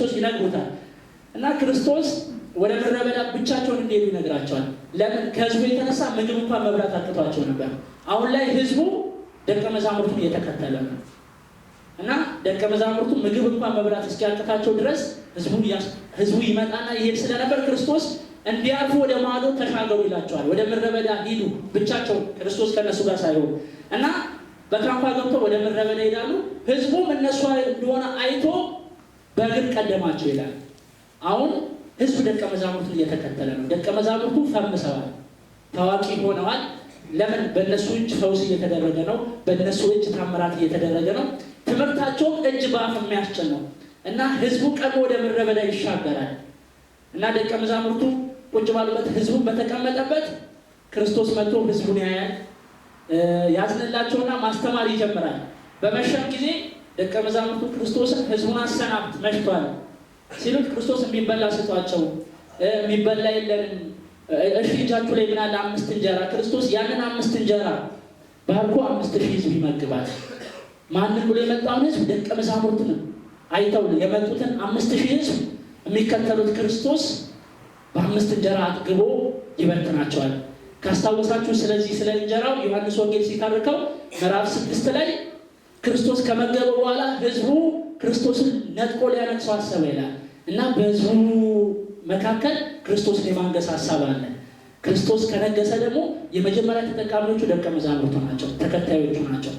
ክርስቶስ ይነግሩታል እና ክርስቶስ ወደ ምድረ በዳ ብቻቸውን እንዲሄዱ ይነግራቸዋል። ለምን? ከህዝቡ የተነሳ ምግብ እንኳን መብላት አቅቷቸው ነበር። አሁን ላይ ህዝቡ ደቀ መዛሙርቱን እየተከተለ ነው እና ደቀ መዛሙርቱ ምግብ እንኳን መብላት እስኪያቅታቸው ድረስ ህዝቡ ይመጣና ይሄድ ስለነበር ክርስቶስ እንዲያልፉ ወደ ማዶ ተሻገሩ ይላቸዋል። ወደ ምድረ በዳ ሂዱ ብቻቸው፣ ክርስቶስ ከነሱ ጋር ሳይሆን እና በካምፓ ገብቶ ወደ ምድረ በዳ ይሄዳሉ። ህዝቡም እነሱ እንደሆነ አይቶ በግን ቀደማቸው ይላል። አሁን ህዝብ ደቀ መዛሙርቱን እየተከተለ ነው። ደቀ መዛሙርቱ ፈምሰዋል፣ ታዋቂ ሆነዋል። ለምን? በእነሱ እጅ ፈውስ እየተደረገ ነው። በእነሱ እጅ ታምራት እየተደረገ ነው። ትምህርታቸውም እጅ በአፍ የሚያስችል ነው እና ህዝቡ ቀድሞ ወደ ምድረ በዳ ይሻገራል እና ደቀ መዛሙርቱ ቁጭ ባሉበት ህዝቡን በተቀመጠበት ክርስቶስ መጥቶ ህዝቡን ያያል፣ ያዝንላቸውና ማስተማር ይጀምራል። በመሸም ጊዜ ደቀ መዛሙርቱ ክርስቶስን ህዝቡን አሰናብት መሽቷል ሲሉት ክርስቶስ የሚበላ ስጧቸው፣ የሚበላ የለንም፣ እሺ እጃችሁ ላይ ምናለ አምስት እንጀራ። ክርስቶስ ያንን አምስት እንጀራ ባርኮ አምስት ሺህ ህዝብ ይመግባል። ማንን ብሎ የመጣውን ህዝብ ደቀ መዛሙርቱን አይተው የመጡትን አምስት ሺህ ህዝብ የሚከተሉት ክርስቶስ በአምስት እንጀራ አጥግቦ ይበትናቸዋል። ካስታወሳችሁ ስለዚህ ስለ እንጀራው ዮሐንስ ወንጌል ሲተርከው ምዕራፍ ስድስት ላይ ክርስቶስ ከመገበ በኋላ ህዝቡ ክርስቶስን ነጥቆ ሊያነግሰው አሰበ ይላል እና በህዝቡ መካከል ክርስቶስን የማንገስ ሀሳብ አለ። ክርስቶስ ከነገሰ ደግሞ የመጀመሪያ ተጠቃሚዎቹ ደቀ መዛሙርቱ ናቸው፣ ተከታዮቹ ናቸው።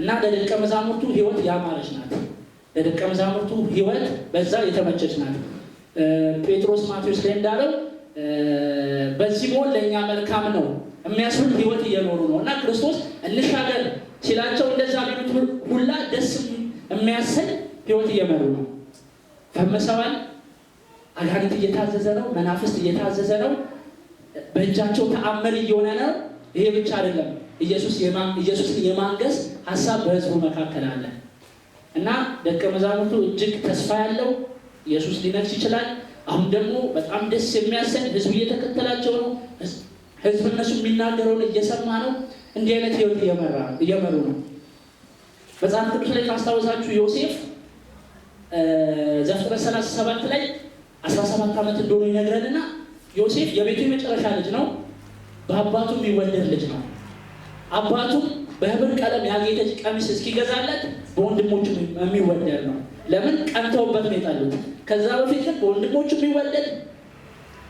እና ለደቀ መዛሙርቱ ህይወት ያማረች ናት። ለደቀ መዛሙርቱ ህይወት በዛ የተመቸች ናት። ጴጥሮስ ማቴዎስ ላይ እንዳለው በዚህ ሞን ለእኛ መልካም ነው የሚያስብል ህይወት እየኖሩ ነው እና ክርስቶስ እንሻገር ሲላቸው እንደዛ ቢሉት ሁላ ደስ የሚያሰኝ ህይወት እየመሩ ነው። ፈመሰዋል። አጋንንት እየታዘዘ ነው። መናፍስት እየታዘዘ ነው። በእጃቸው ተአመር እየሆነ ነው። ይሄ ብቻ አይደለም። ኢየሱስን የማንገስ ሀሳብ በህዝቡ መካከል አለ እና ደቀ መዛሙርቱ እጅግ ተስፋ ያለው ኢየሱስ ሊነግስ ይችላል። አሁን ደግሞ በጣም ደስ የሚያሰኝ ህዝቡ እየተከተላቸው ነው። ህዝብ እነሱ የሚናገረውን እየሰማ ነው። እንዲህ አይነት ህይወት እየመሩ ነው። መጽሐፍ ቅዱስ ላይ ካስታወሳችሁ ዮሴፍ ዘፍጥረት ሰላሳ ሰባት ላይ አስራ ሰባት ዓመት እንደሆኑ ይነግረንና ዮሴፍ የቤቱ የመጨረሻ ልጅ ነው። በአባቱም የሚወደድ ልጅ ነው። አባቱም በህብር ቀለም ያጌጠች ቀሚስ እስኪገዛለት በወንድሞቹ የሚወደድ ነው። ለምን ቀንተውበት ነው የጣሉት። ከዛ በፊት ግን በወንድሞቹ የሚወደድ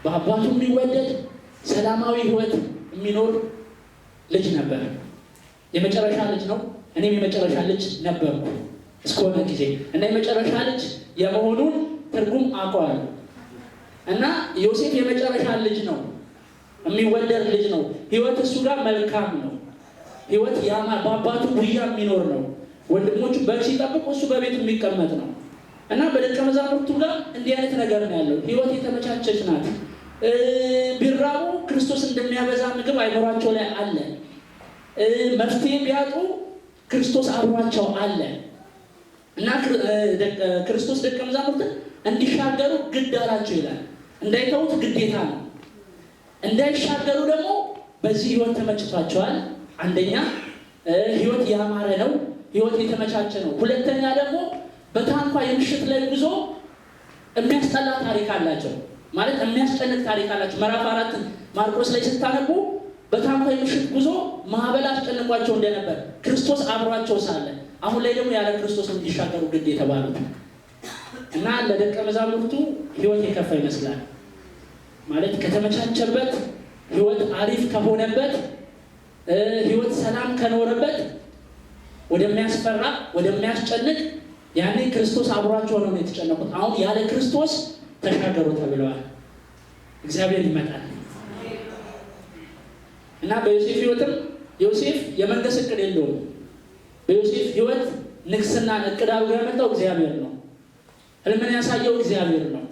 በአባቱ የሚወደድ ሰላማዊ ህይወት የሚኖር ልጅ ነበር። የመጨረሻ ልጅ ነው። እኔም የመጨረሻ ልጅ ነበር እስከሆነ ጊዜ እና የመጨረሻ ልጅ የመሆኑን ትርጉም አቋል እና ዮሴፍ የመጨረሻ ልጅ ነው፣ የሚወደድ ልጅ ነው። ህይወት እሱ ጋር መልካም ነው። ህይወት በአባቱ ጉያ የሚኖር ነው። ወንድሞቹ በግ ሲጠብቁ እሱ በቤት የሚቀመጥ ነው እና በደቀ መዛሙርቱ ጋር እንዲህ አይነት ነገር ነው ያለው። ህይወት የተመቻቸች ናት። ቢራቡ ክርስቶስ እንደሚያበዛ ምግብ አይኖራቸው ላይ አለ። መፍትሄ ቢያጡ ክርስቶስ አብሯቸው አለ እና ክርስቶስ ደቀ መዛሙርትን እንዲሻገሩ ግድ አላቸው ይላል። እንዳይተውት ግዴታ ነው። እንዳይሻገሩ ደግሞ በዚህ ህይወት ተመችቷቸዋል። አንደኛ ህይወት ያማረ ነው፣ ህይወት የተመቻቸ ነው። ሁለተኛ ደግሞ በታንኳ የምሽት ላይ ጉዞ የሚያስጠላ ታሪክ አላቸው። ማለት የሚያስጨንቅ ታሪክ አላቸው። ምዕራፍ አራትን ማርቆስ ላይ ስታነቡ በታንኳ ምሽት ጉዞ ማዕበል አስጨንቋቸው እንደነበር ክርስቶስ አብሯቸው ሳለ፣ አሁን ላይ ደግሞ ያለ ክርስቶስ እንዲሻገሩ ግድ የተባሉት እና ለደቀ መዛሙርቱ ህይወት የከፋ ይመስላል። ማለት ከተመቻቸበት ህይወት አሪፍ ከሆነበት ህይወት ሰላም ከኖረበት ወደሚያስፈራ ወደሚያስጨንቅ ያኔ ክርስቶስ አብሯቸው ነው የተጨነቁት። አሁን ያለ ክርስቶስ ተሻገሩ ተብለዋል። እግዚአብሔር ይመጣል እና በዮሴፍ ህይወትም ዮሴፍ የመንገስ እቅድ የለውም። በዮሴፍ ህይወት ንግስና እቅድ ያመጣው እግዚአብሔር ነው። ህልምን ያሳየው እግዚአብሔር ነው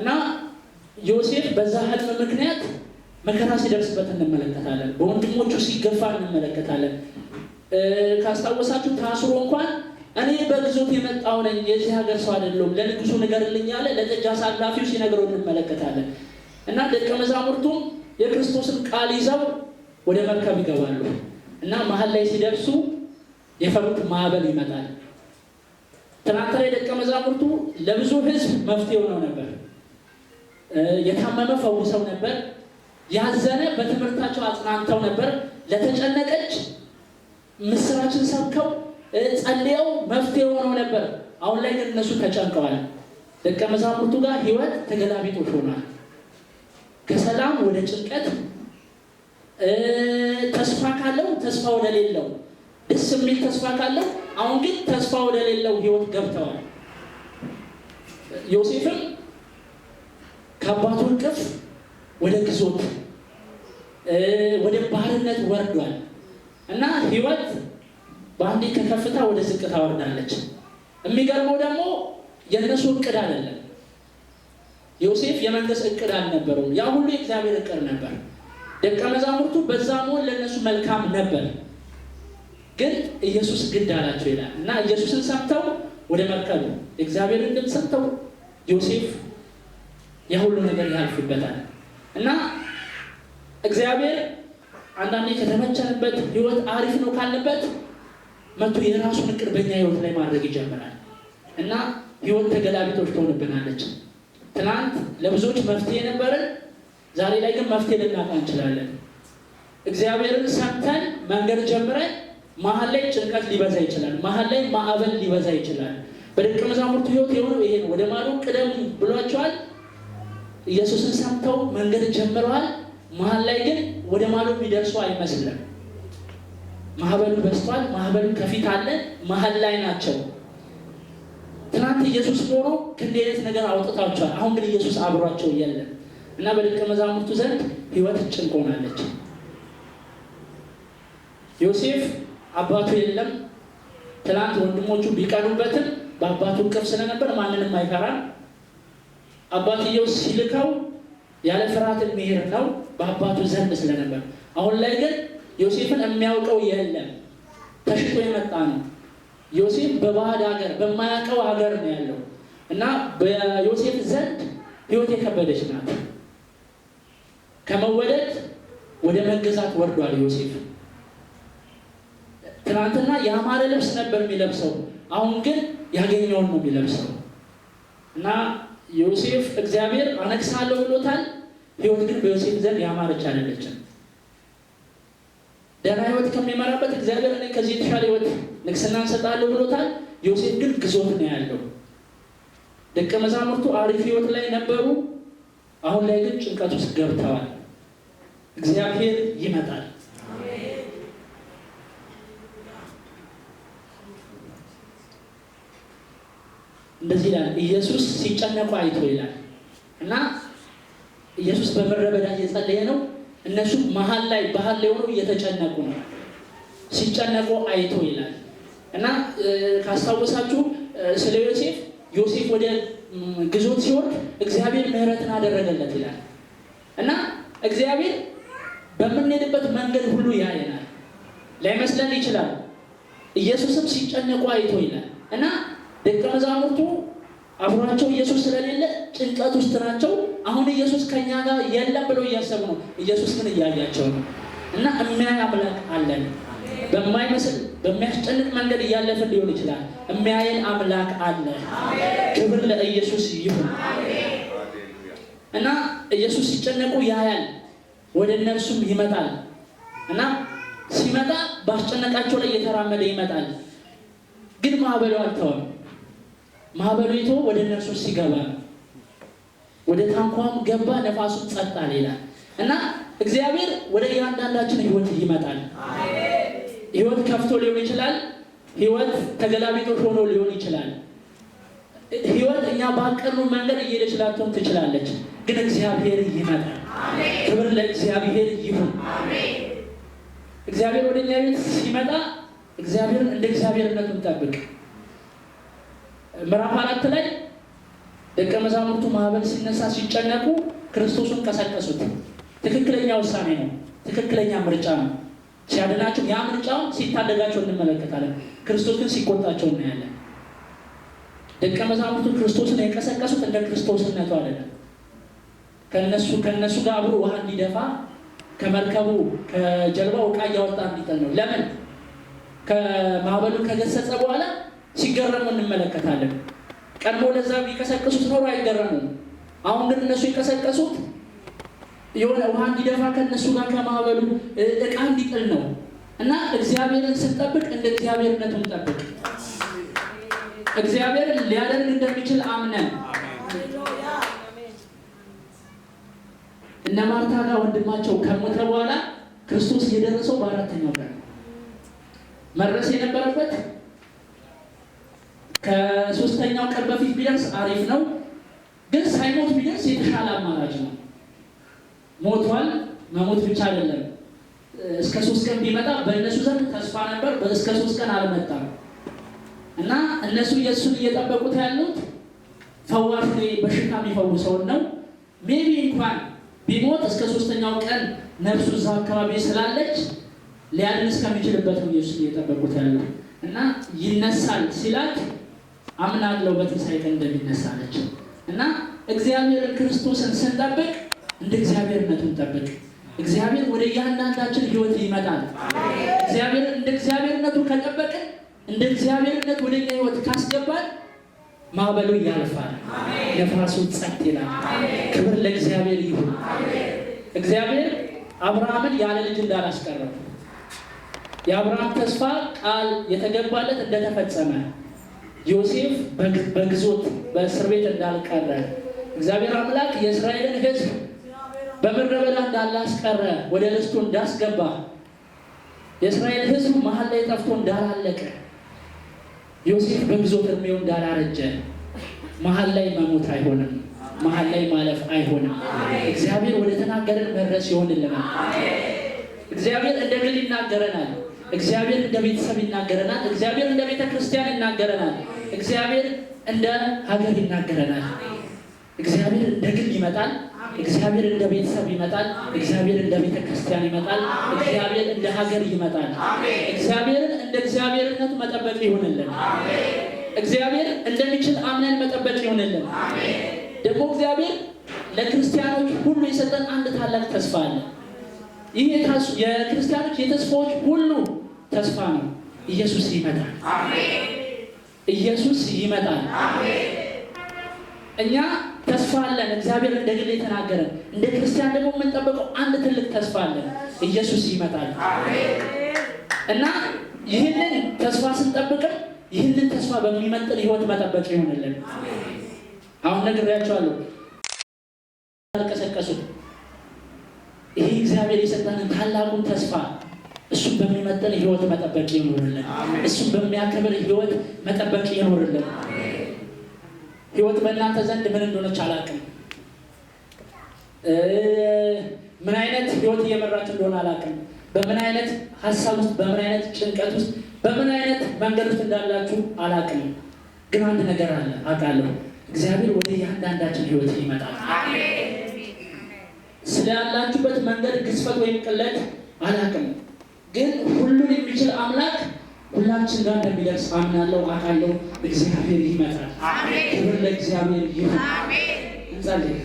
እና ዮሴፍ በዛ ህልም ምክንያት መከራ ሲደርስበት እንመለከታለን። በወንድሞቹ ሲገፋ እንመለከታለን። ካስታወሳችሁ ታስሮ እንኳን እኔ በግዞት የመጣው ነኝ፣ የዚህ ሀገር ሰው አይደለሁም፣ ለንጉሱ ንገርልኝ አለ። ለጠጅ አሳላፊው ሲነግረው እንመለከታለን። እና ደቀ መዛሙርቱም የክርስቶስን ቃል ይዘው ወደ መርከብ ይገባሉ እና መሀል ላይ ሲደርሱ የፈሩት ማዕበል ይመጣል። ትናንት ላይ ደቀ መዛሙርቱ ለብዙ ሕዝብ መፍትሄ ሆነው ነበር። የታመመ ፈውሰው ነበር። ያዘነ በትምህርታቸው አጽናንተው ነበር። ለተጨነቀች ምስራችን ሰብከው ጸልየው መፍትሄ ሆነው ነበር። አሁን ላይ ግን እነሱ ተጨንቀዋል። ደቀ መዛሙርቱ ጋር ህይወት ተገላቢጦች ሆኗል። ከሰላም ወደ ጭንቀት፣ ተስፋ ካለው ተስፋ ወደ ሌለው፣ ደስ የሚል ተስፋ ካለው አሁን ግን ተስፋ ወደ ሌለው ህይወት ገብተዋል። ዮሴፍም ከአባቱ እቅፍ ወደ ግዞት ወደ ባህርነት ወርዷል እና ህይወት በአንዴ ከከፍታ ወደ ዝቅታ ወርዳለች። የሚገርመው ደግሞ የእነሱ እቅድ አይደለም። ዮሴፍ የመንግስት እቅድ አልነበረው ያ ሁሉ የእግዚአብሔር እቅድ ነበር። ደቀ መዛሙርቱ በዛ መሆን ለእነሱ መልካም ነበር፣ ግን ኢየሱስ ግድ አላቸው ይላል እና ኢየሱስን ሰምተው ወደ መርከቡ እግዚአብሔር ድምፅ ሰምተው ዮሴፍ የሁሉ ነገር ያልፍበታል እና እግዚአብሔር አንዳንዴ ከተመቸንበት ህይወት አሪፍ ነው ካለበት። መቶ የራሱን እቅድ በእኛ ህይወት ላይ ማድረግ ይጀምራል እና ህይወት ተገላቢቶች ትሆንብናለች። ትናንት ለብዙዎች መፍትሄ ነበርን፣ ዛሬ ላይ ግን መፍትሄ ልናጣ እንችላለን። እግዚአብሔርን ሰምተን መንገድ ጀምረን መሀል ላይ ጭንቀት ሊበዛ ይችላል። መሀል ላይ ማዕበል ሊበዛ ይችላል። በደቀ መዛሙርቱ ህይወት የሆኑ ይሄ ወደ ማዶ ቅደም ብሏቸዋል። ኢየሱስን ሰምተው መንገድ ጀምረዋል። መሀል ላይ ግን ወደ ማዶ የሚደርሱ አይመስልም። ማህበሉ በስቷል። ማህበሉ ከፊት አለ። መሀል ላይ ናቸው። ትናንት ኢየሱስ ኖሮ ከእንዲህ አይነት ነገር አውጥታቸዋል። አሁን ግን ኢየሱስ አብሯቸው የለም እና በደቀ መዛሙርቱ ዘንድ ህይወት ጭንቅ ዮሴፍ አባቱ የለም። ትናንት ወንድሞቹ ቢቀሩበትም በአባቱ ቅር ስለነበር ማንንም አይፈራም። አባትየው ሲልከው ያለ ፍርሃት የሚሄድ ነው በአባቱ ዘንድ ስለነበር። አሁን ላይ ግን ዮሴፍን የሚያውቀው የለም። ተሽጦ የመጣ ነው። ዮሴፍ በባህድ ሀገር፣ በማያውቀው ሀገር ነው ያለው እና በዮሴፍ ዘንድ ህይወት የከበደች ናት። ከመወደድ ወደ መገዛት ወርዷል ዮሴፍ። ትናንትና የአማረ ልብስ ነበር የሚለብሰው፣ አሁን ግን ያገኘውን ነው የሚለብሰው እና ዮሴፍ እግዚአብሔር አነግሳለሁ ብሎታል። ህይወት ግን በዮሴፍ ዘንድ ያማረች አለለችም ደህና ህይወት ከሚመራበት እግዚአብሔር እኔ ከዚህ የተሻለ ህይወት ንግስና እንሰጣለሁ ብሎታል። ዮሴፍ ግን ግዞት ነው ያለው። ደቀ መዛሙርቱ አሪፍ ህይወት ላይ ነበሩ። አሁን ላይ ግን ጭንቀት ውስጥ ገብተዋል። እግዚአብሔር ይመጣል። እንደዚህ ይላል ኢየሱስ ሲጨነቁ አይቶ ይላል እና ኢየሱስ በምድረ በዳ እየጸለየ ነው እነሱ መሀል ላይ ባህል ላይ ሆነው እየተጨነቁ ነው። ሲጨነቁ አይቶ ይላል እና ካስታወሳችሁ ስለ ዮሴፍ ዮሴፍ ወደ ግዞት ሲወርድ እግዚአብሔር ምህረትን አደረገለት ይላል እና እግዚአብሔር በምንሄድበት መንገድ ሁሉ ያየናል። ላይመስለን ይችላል። ኢየሱስም ሲጨነቁ አይቶ ይላል እና ደቀ መዛሙርቱ አብሯቸው ኢየሱስ ስለሌለ ጭንቀት ውስጥ ናቸው። አሁን ኢየሱስ ከኛ ጋር የለም ብሎ እያሰቡ ነው። ኢየሱስ ግን እያያቸው ነው። እና የሚያይ አምላክ አለን። በማይመስል በሚያስጨንቅ መንገድ እያለፍን ሊሆን ይችላል። የሚያየን አምላክ አለ። ክብር ለኢየሱስ ይሁን። እና ኢየሱስ ሲጨነቁ ያያል፣ ወደ እነርሱም ይመጣል። እና ሲመጣ ባስጨነቃቸው ላይ እየተራመደ ይመጣል። ግን ማዕበሉ አልተወም። ማዕበሉ ይቶ ወደ እነርሱ ሲገባ ነው ወደ ታንኳም ገባ፣ ነፋሱም ጸጥ አለ ይላል እና እግዚአብሔር ወደ እያንዳንዳችን ህይወት ይመጣል። ህይወት ከፍቶ ሊሆን ይችላል። ህይወት ተገላቢጦሽ ሆኖ ሊሆን ይችላል። ህይወት እኛ ባቀኑ መንገድ እየሄደች ላትሆን ትችላለች፣ ግን እግዚአብሔር ይመጣል። ክብር ለእግዚአብሔር ይሁን። እግዚአብሔር ወደ እኛ ቤት ሲመጣ እግዚአብሔርን እንደ እግዚአብሔርነቱ እንጠብቅ። ምዕራፍ አራት ላይ ደቀ መዛሙርቱ ማዕበል ሲነሳ ሲጨነቁ ክርስቶስን ቀሰቀሱት። ትክክለኛ ውሳኔ ነው። ትክክለኛ ምርጫ ነው። ሲያድናቸው ያ ምርጫውን ሲታደጋቸው እንመለከታለን። ክርስቶስ ግን ሲቆጣቸው እናያለን። ደቀ መዛሙርቱ ክርስቶስን የቀሰቀሱት እንደ ክርስቶስነቱ አይደለም። ከነሱ ከነሱ ጋር አብሮ ውሃ እንዲደፋ ከመርከቡ ከጀልባው ዕቃ እያወጣ እንዲጠል ነው። ለምን? ከማዕበሉ ከገሰጸ በኋላ ሲገረሙ እንመለከታለን። ቀድሞ ለዛ ቢቀሰቅሱት ኖሮ አይገረሙም። አሁን ግን እነሱ የቀሰቀሱት የሆነ ውሃ እንዲደፋ ከእነሱ ጋር ከማዕበሉ እቃ እንዲጥል ነው። እና እግዚአብሔርን ስንጠብቅ እንደ እግዚአብሔርነቱን ጠብቅ። እግዚአብሔር ሊያደርግ እንደሚችል አምነን እነ ማርታ ጋር ወንድማቸው ከሞተ በኋላ ክርስቶስ የደረሰው በአራተኛው ቀን መድረስ የነበረበት ከሶስተኛው ቀን በፊት ቢደርስ አሪፍ ነው፣ ግን ሳይሞት ቢደርስ የተሻለ አማራጭ ነው። ሞቷል። መሞት ብቻ አይደለም። እስከ ሶስት ቀን ቢመጣ በእነሱ ዘንድ ተስፋ ነበር። እስከ ሶስት ቀን አልመጣም እና እነሱ የእሱን እየጠበቁት ያሉት ፈዋሽ በሽታ የሚፈውሰውን ነው። ሜቢ እንኳን ቢሞት እስከ ሶስተኛው ቀን ነፍሱ እዛ አካባቢ ስላለች ሊያድን እስከሚችልበት ነው እየሱስ እየጠበቁት ያለ እና ይነሳል ሲላት አምናለሁ በትንሣኤ እንደሚነሳ ነች እና እግዚአብሔር ክርስቶስን ስንጠብቅ እንደ እግዚአብሔርነቱን ጠብቅ። እግዚአብሔር ወደ እያንዳንዳችን ህይወት ይመጣል። እግዚአብሔር እንደ እግዚአብሔርነቱ ከጠበቅን እንደ እግዚአብሔርነት ወደ እኛ ህይወት ካስገባል ማዕበሉ ያልፋል፣ ነፋሱ ጸጥ ይላል። ክብር ለእግዚአብሔር ይሁን። እግዚአብሔር አብርሃምን ያለ ልጅ እንዳላስቀረው የአብርሃም ተስፋ ቃል የተገባለት እንደተፈጸመ ዮሴፍ በግዞት በእስር ቤት እንዳልቀረ እግዚአብሔር አምላክ የእስራኤልን ሕዝብ በምድረ በዳ እንዳላስቀረ ወደ ርስቱ እንዳስገባ የእስራኤል ሕዝብ መሀል ላይ ጠፍቶ እንዳላለቀ ዮሴፍ በግዞት እድሜው እንዳላረጀ መሀል ላይ መሞት አይሆንም። መሀል ላይ ማለፍ አይሆንም። እግዚአብሔር ወደ ተናገረን መድረስ ይሆንልናል። እግዚአብሔር እንደ ግል ይናገረናል። እግዚአብሔር እንደ ቤተሰብ ይናገረናል። እግዚአብሔር እንደ ቤተ ክርስቲያን ይናገረናል። እግዚአብሔር እንደ ሀገር ይናገረናል። እግዚአብሔር እንደ ግል ይመጣል። እግዚአብሔር እንደ ቤተሰብ ይመጣል። እግዚአብሔር እንደ ቤተ ክርስቲያን ይመጣል። እግዚአብሔር እንደ ሀገር ይመጣል። እግዚአብሔርን እንደ እግዚአብሔርነት መጠበቅ ይሆንልን። እግዚአብሔር እንደሚችል አምነን መጠበቅ ይሆንልን። ደግሞ እግዚአብሔር ለክርስቲያኖች ሁሉ የሰጠን አንድ ታላቅ ተስፋ አለ። ይህ የክርስቲያኖች የተስፋዎች ሁሉ ተስፋ ነው። ኢየሱስ ይመጣል። ኢየሱስ ይመጣል። እኛ ተስፋ አለን። እግዚአብሔር እንደ ግል የተናገረን እንደ ክርስቲያን ደግሞ የምንጠብቀው አንድ ትልቅ ተስፋ አለን። ኢየሱስ ይመጣል እና ይህንን ተስፋ ስንጠብቅም ይህንን ተስፋ በሚመጥን ህይወት መጠበቅ ይሆንልን። አሁን ነግሬያቸዋለሁ፣ አልቀሰቀሱም። ይሄ እግዚአብሔር የሰጠንን ታላቁን ተስፋ እሱን በሚመጠን ህይወት መጠበቅ ይኖርልን። እሱን በሚያከብር ህይወት መጠበቅ ይኖርልን። ህይወት በእናንተ ዘንድ ምን እንደሆነች አላውቅም። ምን አይነት ህይወት እየመራች እንደሆነ አላውቅም። በምን አይነት ሀሳብ ውስጥ፣ በምን አይነት ጭንቀት ውስጥ፣ በምን አይነት መንገድ ውስጥ እንዳላችሁ አላውቅም። ግን አንድ ነገር አለ አውቃለሁ፣ እግዚአብሔር ወደ እያንዳንዳችን ህይወት ይመጣል። ስላላችሁበት መንገድ ግዝፈት ወይም ቅለት አላውቅም ግን ሁሉን የሚችል አምላክ ሁላችን ጋር እንደሚደርስ አምናለው አካለው እግዚአብሔር ይመጣል። ክብር ለእግዚአብሔር ይሁን። እንጸልይ።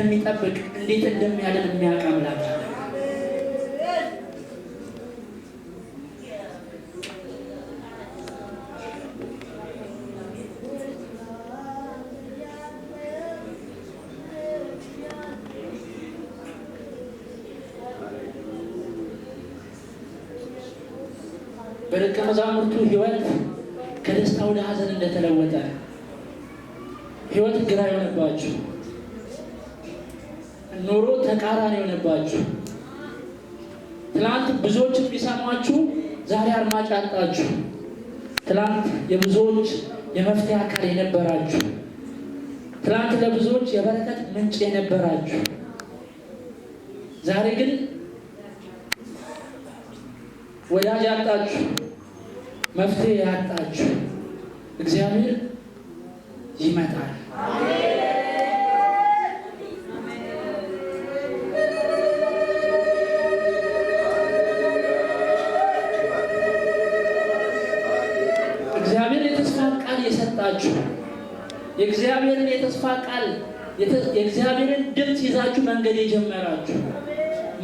እንደሚጠብቅ እንዴት እንደሚያድን የሚያውቅ አምላክ በደቀ መዛሙርቱ ሕይወት ከደስታ ወደ ሐዘን እንደተለወጠ ተቃራኒ የሆነባችሁ ትላንት ብዙዎች የሚሰማችሁ ዛሬ አድማጭ አጣችሁ። ትላንት የብዙዎች የመፍትሄ አካል የነበራችሁ ትላንት ለብዙዎች የበረከት ምንጭ የነበራችሁ ዛሬ ግን ወዳጅ ያጣችሁ፣ መፍትሄ ያጣችሁ እግዚአብሔር ይመጣል። ይዛችሁ የእግዚአብሔርን የተስፋ ቃል የእግዚአብሔርን ድምፅ ይዛችሁ መንገድ የጀመራችሁ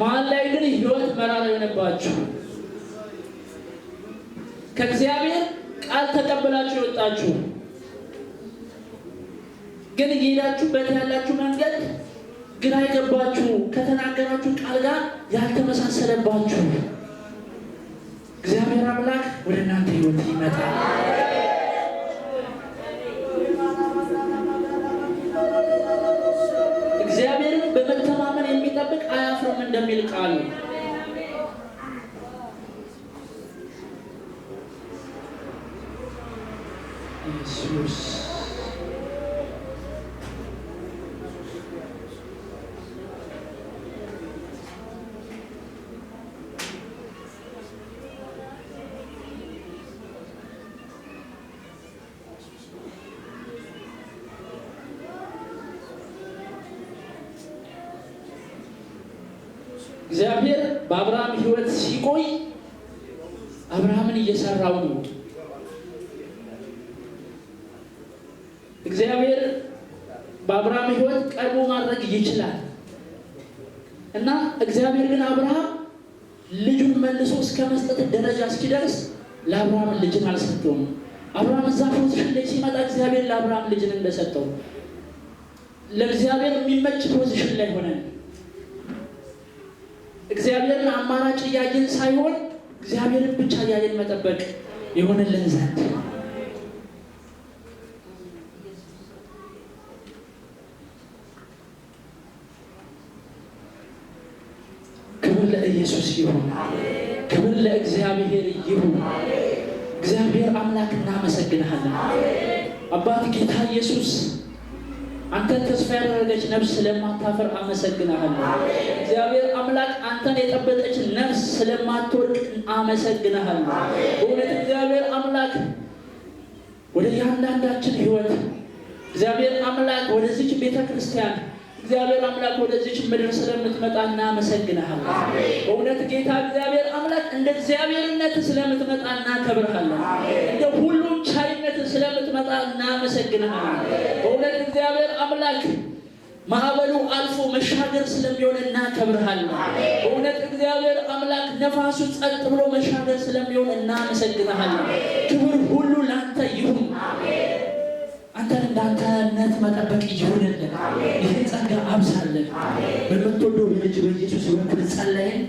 መሀል ላይ ግን ህይወት መራር የሆነባችሁ ከእግዚአብሔር ቃል ተቀብላችሁ የወጣችሁ ግን እየሄዳችሁበት ያላችሁ መንገድ ግራ አይገባችሁ ከተናገራችሁ ቃል ጋር ያልተመሳሰለባችሁ እግዚአብሔር አምላክ ወደ እናንተ ህይወት ይመጣል። አያላችሁም እንደሚል ቃሉ ኢየሱስ አብርሃምን እየሰራው ነው። እግዚአብሔር በአብርሃም ሕይወት ቀርቦ ማድረግ ይችላል እና እግዚአብሔር ግን አብርሃም ልጁን መልሶ እስከ መስጠት ደረጃ እስኪደርስ ለአብርሃም ልጅን አልሰጠውም። አብርሃም እዛ ፖዚሽን ላይ ሲመጣ እግዚአብሔር ለአብርሃም ልጅን እንደሰጠው ለእግዚአብሔር የሚመች ፖዚሽን ላይ ሆነን እግዚአብሔርን አማራጭ እያየን ሳይሆን እግዚአብሔርን ብቻ እያየን መጠበቅ የሆነልን ዘንድ ክብር ለኢየሱስ ይሁን፣ ክብር ለእግዚአብሔር ይሁን። እግዚአብሔር አምላክ እናመሰግንሃለን አባት ጌታ ኢየሱስ አንተን ተስፋ ያደረገች ነፍስ ስለማታፈር አመሰግናሃለሁ። እግዚአብሔር አምላክ አንተን የጠበጠች ነፍስ ስለማትወርቅ አመሰግናሃለሁ። በእውነት እግዚአብሔር አምላክ ወደ እያንዳንዳችን ሕይወት እግዚአብሔር አምላክ ወደዚች ቤተ ክርስቲያን እግዚአብሔር አምላክ ወደዚች ምድር ስለምትመጣ እናመሰግንሃለን። በእውነት ጌታ እግዚአብሔር አምላክ እንደ እግዚአብሔርነት ስለምትመጣ እናከብርሃለን። እንደ ሁሉም ስለምትመጣ እናመሰግንሃለን። በእውነት እግዚአብሔር አምላክ ማዕበሉ አልፎ መሻገር ስለሚሆን እናከብርሃለን። በእውነት እግዚአብሔር አምላክ ነፋሱ ጸጥ ብሎ መሻገር ስለሚሆን እናመሰግንሃለን። ክብር ሁሉ ለአንተ ይሁን። አንተን እንዳንተነት መጠበቅ ይሁንልን። ይህን ጸጋ አብሳለን። በምትወደው ልጅ በኢየሱስ በኩል ጸለይን።